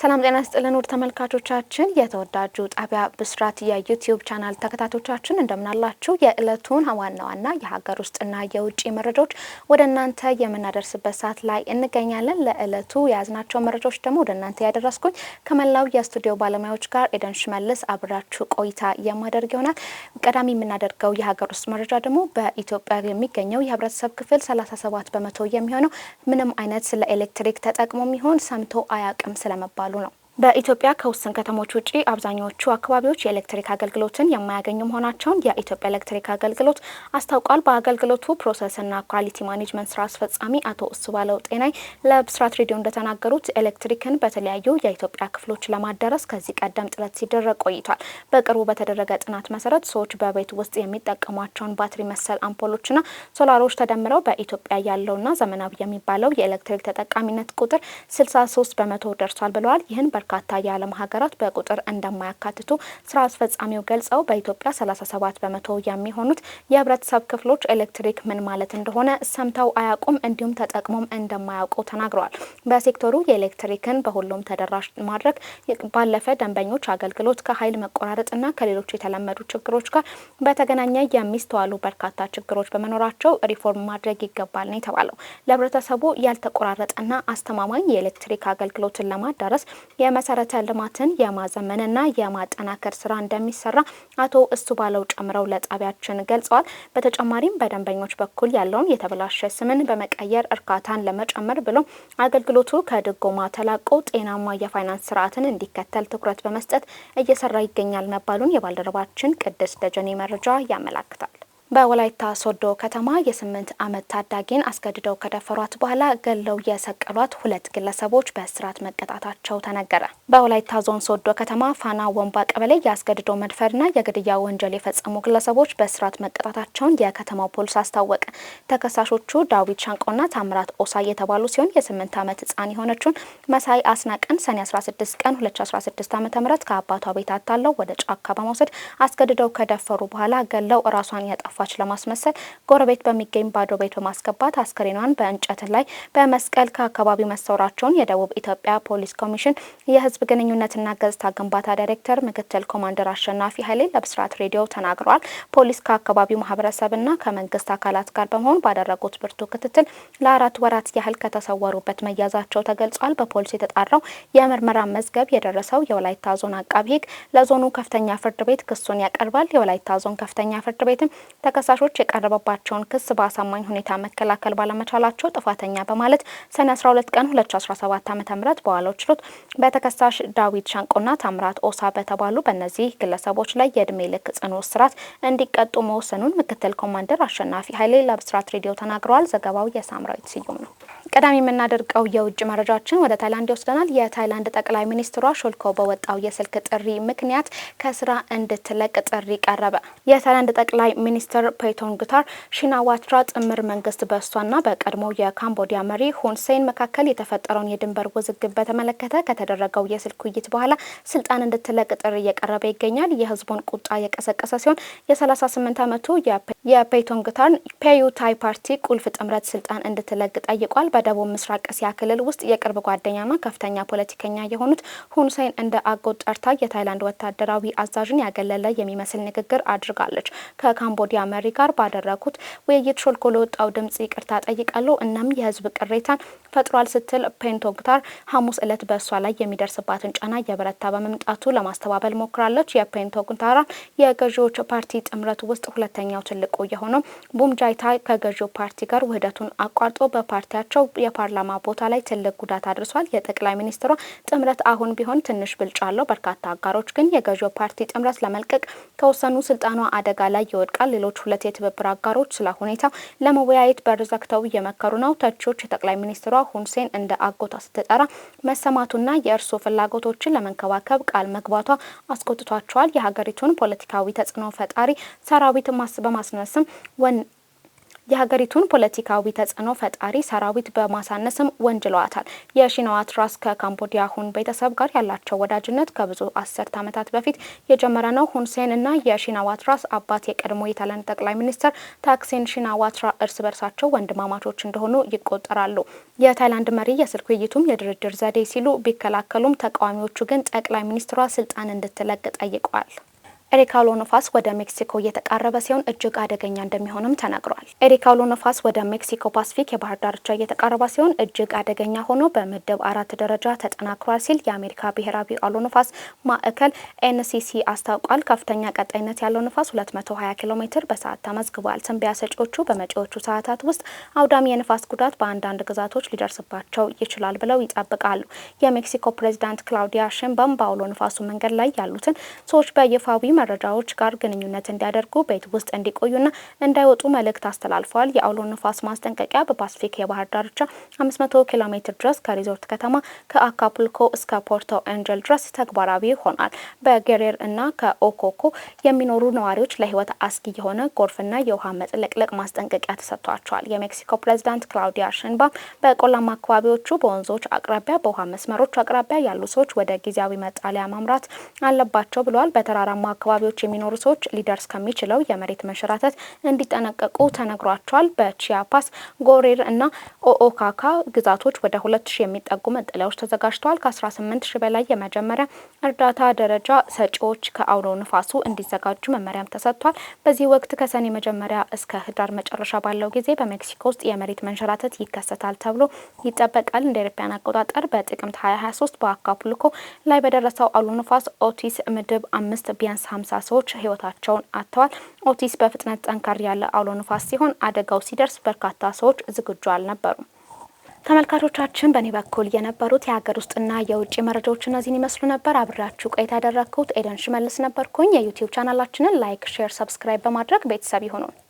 ሰላም ጤና ስጥልን ውድ ተመልካቾቻችን የተወዳጁ ጣቢያ ብስራት የዩቲዩብ ቻናል ተከታቶቻችን እንደምናላችሁ። የዕለቱን ዋና ዋና የሀገር ውስጥና የውጭ መረጃዎች ወደ እናንተ የምናደርስበት ሰዓት ላይ እንገኛለን። ለዕለቱ የያዝናቸው መረጃዎች ደግሞ ወደ እናንተ ያደረስኩኝ ከመላው የስቱዲዮ ባለሙያዎች ጋር ኤደን ሽመልስ አብራችሁ ቆይታ የማደርግ ይሆናል። ቀዳሚ የምናደርገው የሀገር ውስጥ መረጃ ደግሞ በኢትዮጵያ የሚገኘው የህብረተሰብ ክፍል 37 በመቶ የሚሆነው ምንም አይነት ስለ ኤሌክትሪክ ተጠቅሞ የሚሆን ሰምቶ አያቅም ስለመባሉ l'eau በኢትዮጵያ ከውስን ከተሞች ውጪ አብዛኛዎቹ አካባቢዎች የኤሌክትሪክ አገልግሎትን የማያገኙ መሆናቸውን የኢትዮጵያ ኤሌክትሪክ አገልግሎት አስታውቋል። በአገልግሎቱ ፕሮሰስና ኳሊቲ ማኔጅመንት ስራ አስፈጻሚ አቶ እሱ ባለው ጤናይ ለብስራት ሬዲዮ እንደተናገሩት ኤሌክትሪክን በተለያዩ የኢትዮጵያ ክፍሎች ለማደረስ ከዚህ ቀደም ጥረት ሲደረግ ቆይቷል። በቅርቡ በተደረገ ጥናት መሰረት ሰዎች በቤት ውስጥ የሚጠቀሟቸውን ባትሪ መሰል አምፖሎችና ሶላሮች ተደምረው በኢትዮጵያ ያለውና ዘመናዊ የሚባለው የኤሌክትሪክ ተጠቃሚነት ቁጥር 63 በመቶ ደርሷል ብለዋል። ይህን በርካታ የዓለም ሀገራት በቁጥር እንደማያካትቱ ስራ አስፈጻሚው ገልጸው በኢትዮጵያ 37 በመቶ የሚሆኑት የህብረተሰብ ክፍሎች ኤሌክትሪክ ምን ማለት እንደሆነ ሰምተው አያውቁም፣ እንዲሁም ተጠቅሞም እንደማያውቁ ተናግረዋል። በሴክተሩ የኤሌክትሪክን በሁሉም ተደራሽ ማድረግ ባለፈ ደንበኞች አገልግሎት ከኃይል መቆራረጥና ከሌሎች የተለመዱ ችግሮች ጋር በተገናኘ የሚስተዋሉ በርካታ ችግሮች በመኖራቸው ሪፎርም ማድረግ ይገባል ነው የተባለው። ለህብረተሰቡ ያልተቆራረጠና አስተማማኝ የኤሌክትሪክ አገልግሎትን ለማዳረስ የመሰረተ ልማትን የማዘመንና የማጠናከር ስራ እንደሚሰራ አቶ እሱ ባለው ጨምረው ለጣቢያችን ገልጸዋል። በተጨማሪም በደንበኞች በኩል ያለውን የተበላሸ ስምን በመቀየር እርካታን ለመጨመር ብሎ አገልግሎቱ ከድጎማ ተላቆ ጤናማ የፋይናንስ ስርዓትን እንዲከተል ትኩረት በመስጠት እየሰራ ይገኛል መባሉን የባልደረባችን ቅድስት ደጀኔ መረጃ ያመላክታል። በወላይታ ሶዶ ከተማ የስምንት ዓመት ታዳጊን አስገድደው ከደፈሯት በኋላ ገለው የሰቀሏት ሁለት ግለሰቦች በእስራት መቀጣታቸው ተነገረ። በወላይታ ዞን ሶዶ ከተማ ፋና ወንባ ቀበሌ የአስገድዶ መድፈርና የግድያ ወንጀል የፈጸሙ ግለሰቦች በእስራት መቀጣታቸውን የከተማው ፖሊስ አስታወቀ። ተከሳሾቹ ዳዊት ሻንቆና ታምራት ኦሳ የተባሉ ሲሆን የስምንት ዓመት ህፃን የሆነችውን መሳይ አስናቀን ሰኔ 16 ቀን 2016 ዓ ም ከአባቷ ቤት አታለው ወደ ጫካ በመውሰድ አስገድደው ከደፈሩ በኋላ ገለው ራሷን ያጠፋ የጠፋች ለማስመሰል ጎረቤት በሚገኝ ባዶ ቤት በማስገባት አስከሬኗን በእንጨት ላይ በመስቀል ከአካባቢው መሰወራቸውን የደቡብ ኢትዮጵያ ፖሊስ ኮሚሽን የህዝብ ግንኙነትና ገጽታ ግንባታ ዳይሬክተር ምክትል ኮማንደር አሸናፊ ኃይሌ ለብስራት ሬዲዮ ተናግረዋል። ፖሊስ ከአካባቢው ማህበረሰብና ከመንግስት አካላት ጋር በመሆን ባደረጉት ብርቱ ክትትል ለአራት ወራት ያህል ከተሰወሩበት መያዛቸው ተገልጿል። በፖሊስ የተጣራው የምርመራ መዝገብ የደረሰው የወላይታ ዞን አቃቢ ህግ ለዞኑ ከፍተኛ ፍርድ ቤት ክሱን ያቀርባል። የወላይታ ዞን ከፍተኛ ፍርድ ቤትም ተከሳሾች የቀረበባቸውን ክስ በአሳማኝ ሁኔታ መከላከል ባለመቻላቸው ጥፋተኛ በማለት ሰኔ 12 ቀን 2017 ዓ.ም በዋለው ችሎት በተከሳሽ ዳዊት ሻንቆና ታምራት ኦሳ በተባሉ በእነዚህ ግለሰቦች ላይ የእድሜ ልክ ጽኑ እስራት እንዲቀጡ መወሰኑን ምክትል ኮማንደር አሸናፊ ኃይሌ ለብስራት ሬዲዮ ተናግረዋል። ዘገባው የሳምራዊት ስዩም ነው። ቀዳሚ የምናደርገው የውጭ መረጃችን ወደ ታይላንድ ይወስደናል። የታይላንድ ጠቅላይ ሚኒስትሯ ሾልኮ በወጣው የስልክ ጥሪ ምክንያት ከስራ እንድትለቅ ጥሪ ቀረበ። የታይላንድ ጠቅላይ ሚኒስትር ጉታር ሺናዋትራ ጥምር መንግስት በእሷና በቀድሞ የካምቦዲያ መሪ ሁንሴን መካከል የተፈጠረውን የድንበር ውዝግብ በተመለከተ ከተደረገው የስልክ ውይይት በኋላ ስልጣን እንድትለቅ ጥሪ እየቀረበ ይገኛል። የህዝቡን ቁጣ የቀሰቀሰ ሲሆን የ38 ዓመቱ የፔቶንግታን ፔዩታይ ፓርቲ ቁልፍ ጥምረት ስልጣን እንድትለቅ ጠይቋል። በደቡብ ምስራቅ እስያ ክልል ውስጥ የቅርብ ጓደኛና ከፍተኛ ፖለቲከኛ የሆኑት ሁንሴን እንደ አጎት ጠርታ የታይላንድ ወታደራዊ አዛዥን ያገለለ የሚመስል ንግግር አድርጋለች። ከካምቦዲያ መሪ ጋር ባደረጉት ውይይት ሾልኮ ለወጣው ድምጽ ይቅርታ ጠይቃለሁ እናም የህዝብ ቅሬታን ፈጥሯል ስትል ፔቶንግታን ሐሙስ ዕለት በእሷ ላይ የሚደርስባትን ጫና የበረታ በመምጣቱ ለማስተባበል ሞክራለች። የፔቶንግታን የገዢዎች ፓርቲ ጥምረት ውስጥ ሁለተኛው ትልቅ የቆየ ሆኖ ቡምጃይታ ከገዢው ፓርቲ ጋር ውህደቱን አቋርጦ በፓርቲያቸው የፓርላማ ቦታ ላይ ትልቅ ጉዳት አድርሷል። የጠቅላይ ሚኒስትሯ ጥምረት አሁን ቢሆን ትንሽ ብልጫ አለው። በርካታ አጋሮች ግን የገዢው ፓርቲ ጥምረት ለመልቀቅ ከወሰኑ ስልጣኗ አደጋ ላይ ይወድቃል። ሌሎች ሁለት የትብብር አጋሮች ስለ ሁኔታው ለመወያየት በር ዘግተው እየመከሩ ነው። ተቺዎች የጠቅላይ ሚኒስትሯ ሁንሴን እንደ አጎቷ ስትጠራ መሰማቱና የእርሱ ፍላጎቶችን ለመንከባከብ ቃል መግባቷ አስቆጥቷቸዋል። የሀገሪቱን ፖለቲካዊ ተጽዕኖ ፈጣሪ ሰራዊት በማስነ ወን የሀገሪቱን ፖለቲካዊ ተጽዕኖ ፈጣሪ ሰራዊት በማሳነስም ወንጅለዋታል። የሺናዋ ትራስ ከካምቦዲያ ሁን ቤተሰብ ጋር ያላቸው ወዳጅነት ከብዙ አስርት ዓመታት በፊት የጀመረ ነው። ሁንሴን እና የሺናዋ ትራስ አባት የቀድሞ የታይላንድ ጠቅላይ ሚኒስትር ታክሲን ሺናዋ ትራ እርስ በርሳቸው ወንድማማቾች እንደሆኑ ይቆጠራሉ። የታይላንድ መሪ የስልክ ውይይቱም የድርድር ዘዴ ሲሉ ቢከላከሉም ተቃዋሚዎቹ ግን ጠቅላይ ሚኒስትሯ ስልጣን እንድትለቅ ጠይቋል። ኤሪክ አውሎ ነፋስ ወደ ሜክሲኮ እየተቃረበ ሲሆን እጅግ አደገኛ እንደሚሆንም ተነግሯል። ኤሪክ አውሎ ነፋስ ወደ ሜክሲኮ ፓሲፊክ የባህር ዳርቻ እየተቃረበ ሲሆን እጅግ አደገኛ ሆኖ በምድብ አራት ደረጃ ተጠናክሯል ሲል የአሜሪካ ብሔራዊ አውሎ ነፋስ ማዕከል ኤንሲሲ አስታውቋል። ከፍተኛ ቀጣይነት ያለው ነፋስ 220 ኪሎ ሜትር በሰዓት ተመዝግቧል። ትንበያ ሰጪዎቹ በመጪዎቹ ሰዓታት ውስጥ አውዳሚ የነፋስ ጉዳት በአንዳንድ ግዛቶች ሊደርስባቸው ይችላል ብለው ይጠብቃሉ። የሜክሲኮ ፕሬዚዳንት ክላውዲያ ሽንባም በአውሎ ነፋሱ መንገድ ላይ ያሉትን ሰዎች በይፋዊ መረጃዎች ጋር ግንኙነት እንዲያደርጉ ቤት ውስጥ እንዲቆዩና እንዳይወጡ መልእክት አስተላልፏል። የአውሎ ንፋስ ማስጠንቀቂያ በፓሲፊክ የባህር ዳርቻ 500 ኪሎ ሜትር ድረስ ከሪዞርት ከተማ ከአካፑልኮ እስከ ፖርቶ ኤንጀል ድረስ ተግባራዊ ሆኗል። በጌሬር እና ከኦኮኮ የሚኖሩ ነዋሪዎች ለህይወት አስጊ የሆነ ጎርፍና የውሃ መጥለቅለቅ ማስጠንቀቂያ ተሰጥቷቸዋል። የሜክሲኮ ፕሬዚዳንት ክላውዲያ ሽንባ በቆላማ አካባቢዎቹ በወንዞች አቅራቢያ በውሃ መስመሮች አቅራቢያ ያሉ ሰዎች ወደ ጊዜያዊ መጣሊያ ማምራት አለባቸው ብለዋል። በተራራማ አካባቢ አካባቢዎች የሚኖሩ ሰዎች ሊደርስ ከሚችለው የመሬት መንሸራተት እንዲጠነቀቁ ተነግሯቸዋል። በቺያፓስ ጎሬር እና ኦኦካካ ግዛቶች ወደ ሁለት ሺ የሚጠጉ መጠለያዎች ተዘጋጅተዋል ከአስራ ከ18 ሺ በላይ የመጀመሪያ እርዳታ ደረጃ ሰጪዎች ከአውሎ ንፋሱ እንዲዘጋጁ መመሪያም ተሰጥቷል። በዚህ ወቅት ከሰኔ መጀመሪያ እስከ ህዳር መጨረሻ ባለው ጊዜ በሜክሲኮ ውስጥ የመሬት መንሸራተት ይከሰታል ተብሎ ይጠበቃል። እንደ ኢትዮጵያን አቆጣጠር በጥቅምት 2023 በአካፑልኮ ላይ በደረሰው አውሎ ንፋስ ኦቲስ ምድብ አምስት ቢያንስ 50 ሰዎች ህይወታቸውን አጥተዋል። ኦቲስ በፍጥነት ጠንከር ያለ አውሎ ንፋስ ሲሆን አደጋው ሲደርስ በርካታ ሰዎች ዝግጁ አልነበሩም። ተመልካቾቻችን በእኔ በኩል የነበሩት የሀገር ውስጥና የውጭ መረጃዎች እነዚህን ይመስሉ ነበር። አብሬያችሁ ቆይታ ያደረግኩት ኤደን ሽመልስ ነበርኩኝ። የዩቲዩብ ቻናላችንን ላይክ፣ ሼር፣ ሰብስክራይብ በማድረግ ቤተሰብ ይሁኑን።